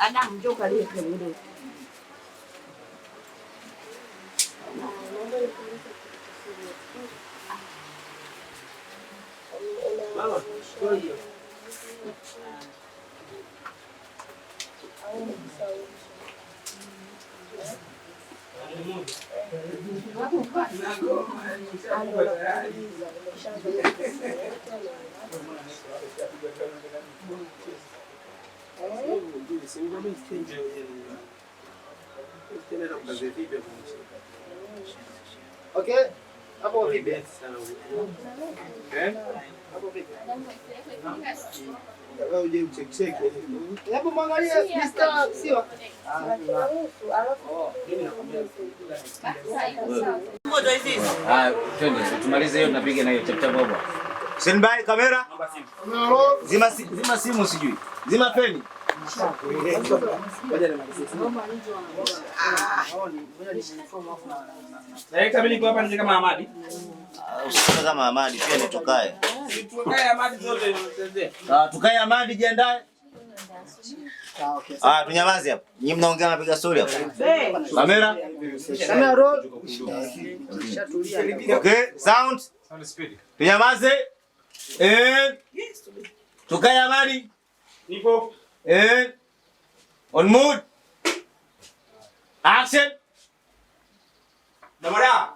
Adam çok arıyor bunu. Baba, koyuyor. Thank you. Okay. Eh? Hebu mwangalie Mr. Siwa. Ah, ah, tumalize hiyo tunapiga na hiyo chapchap hapo. Standby kamera. Zima zima simu sijui. Zima feni. Ah, kama Ahmadi pia ni tukae. Tukae ah, jiandae. Ah, tunyamaze hapo. Nyinyi mnaongea napiga story hapo. Kamera. Kamera roll. Okay, sound. Tunyamaze. Eh. Tukae habari. Nipo. Eh. On mood. Action. Damara.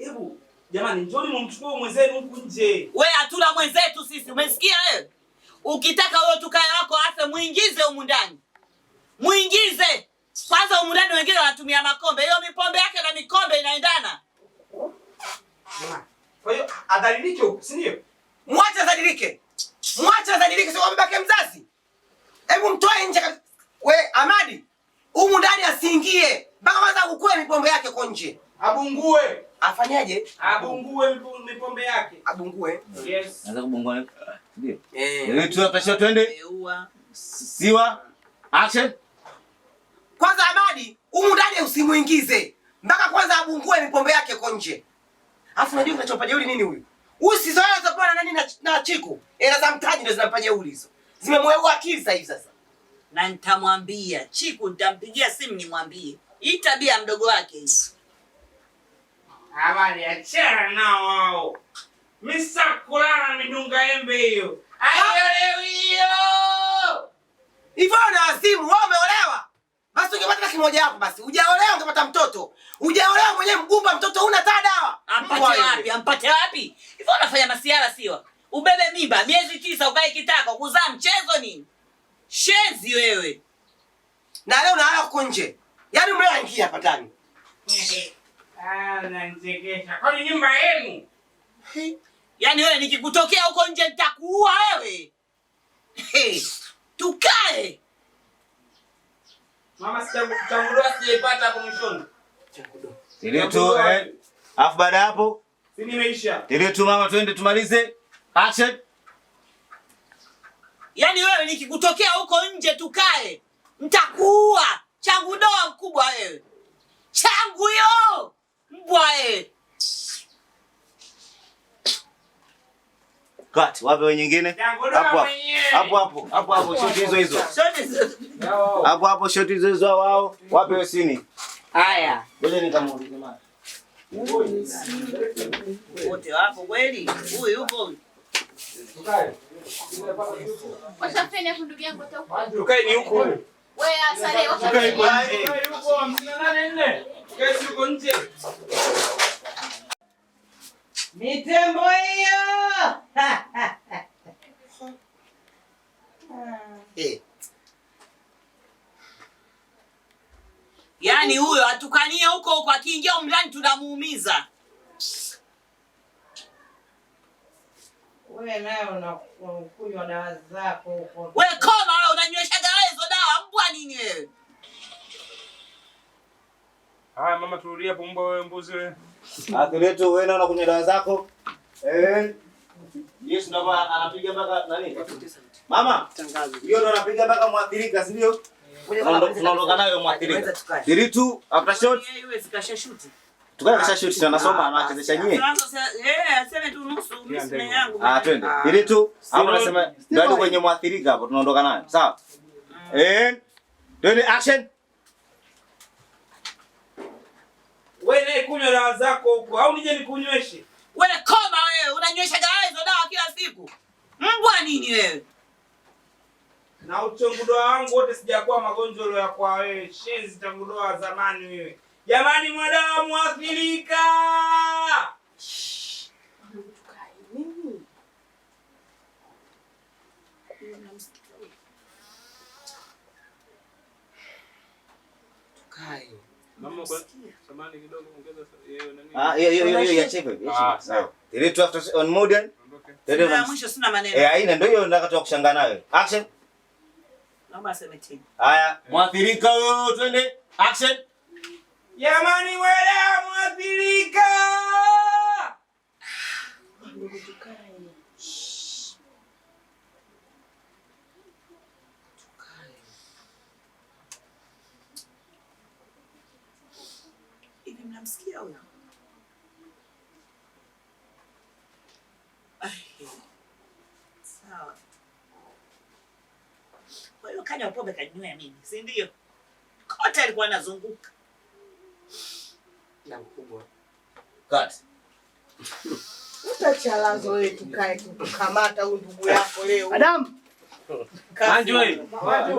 Ebu, jamani njoni mumchukue mwenzenu huku nje. Wewe hatuna mwenzetu sisi, umesikia wewe? Ukitaka wewe tukae wako afe muingize humu ndani. Muingize. Kwanza humu ndani wengine wanatumia makombe. Hiyo mipombe yake na mikombe inaendana. Kwa hiyo adhalilike huko, si ndio? Mwache adhalilike. Mwache adhalilike sio babake mzazi. Hebu mtoe nje kabisa. We Amadi, humu ndani asiingie. Mpaka kwanza akukue mipombe yake kwa nje. Abungue. Afanyaje? Abungue mipombe yake. Abungue. Yes. Anza kubungua. Ndio. Eh. Leo eh, tunapasha twende. Siwa. Action. Kwanza Amadi, humu ndani usimuingize. Mpaka kwanza abungue mipombe yake kwa nje. Alafu unajua unachopa jeuri nini huyu? Huyu si zoea za bwana nani na, na Chiku. Hela za mtaji ndio zinampa jeuri hizo. Zimemwelewa akili sasa hivi sasa. Na nitamwambia Chiku, nitampigia simu nimwambie. Hii tabia mdogo wake hii. Habari ya chera na wao. Misa kulala midunga embe hiyo. Ayolewi hiyo. Ivona simu wao umeolewa haki moja yako basi. Hujaolewa ungepata mtoto. Hujaolewa mwenyewe mgumba mtoto una taa dawa. Ampate wapi? Ampate wapi? Hivyo unafanya masiara sio? Ubebe mimba miezi tisa ukae kitako kuzaa mchezo nini? Shenzi wewe. Na leo unalala huko nje. Yaani mbona aingia hapa ndani. Ah, Kwa nyumba yenu. Yaani wewe nikikutokea huko nje nitakuua wewe. Hey. Mama eh, Alafu baada ya hapo tu mama, twende tumalize. Action. Yaani wewe nikikutokea huko nje tukae, ntakuua Changu doa mkubwa wewe. Changu yo. Mbwa wewe. but wape wengine hapo hapo hapo hapo hapo, shot hizo hizo hapo hapo, shot hizo hizo wao wape wesini. Haya, ngoja nikamuulize mama wote wapo kweli? Huyu yupo huko nje. Mitembo hiyo hey. Eh. Yaani huyo atukanie huko huko, akiingia mlani tunamuumiza. Wewe naye unakunywa dawa zako huko. Wewe koma, wewe unanyweshaga hizo dawa mbwa nini wewe? Haya mama, tulia hapo. wewe, mbuzi wewe. Ah, tuleto wewe, na kunywa dawa zako. Eh. Yes, ndo anapiga mpaka nani? Mama, tangazo. Hiyo ndo anapiga mpaka mwathirika, si ndio? Tunaondoka nayo mwathirika. Diritu after shot. Yeye sikasha shoot. Tukae kisha shoot sana nasoma anachezesha ah, nyie. Eh, aseme tu nusu nusu yangu. Ah, twende. Diritu ah. hapo nasema ndio kwenye mwathirika hapo tunaondoka nayo. Sawa? Mm. Eh. Twende action. wewe naye kunywa dawa zako huko, au nije nikunyweshe? Wewe koma wewe, unanywesha dawa hizo dawa kila siku, mbwa nini wewe? Na uchongudoa wangu wote sijakuwa magonjwa leo ya kwa wewe, shenzi tangudoa zamani wewe. Jamani, mwadamu mwathirika Tukai. Ah, ah, eh? eh, Aina ndio hiyo nakatoa kushanga nayo. Action. Naomba aseme tena. Haya, mwathirika wewe, twende. Action. Jamani wewe mwathirika namsikia huyo? Sawa. Kwa hiyo kanywa pombe kajinywea mimi, si ndio? Kote alikuwa anazunguka na mkubwa utachalazo wewe, tukae tukamata huyu ndugu yako leo. Adam. Kanjoi. Wapi?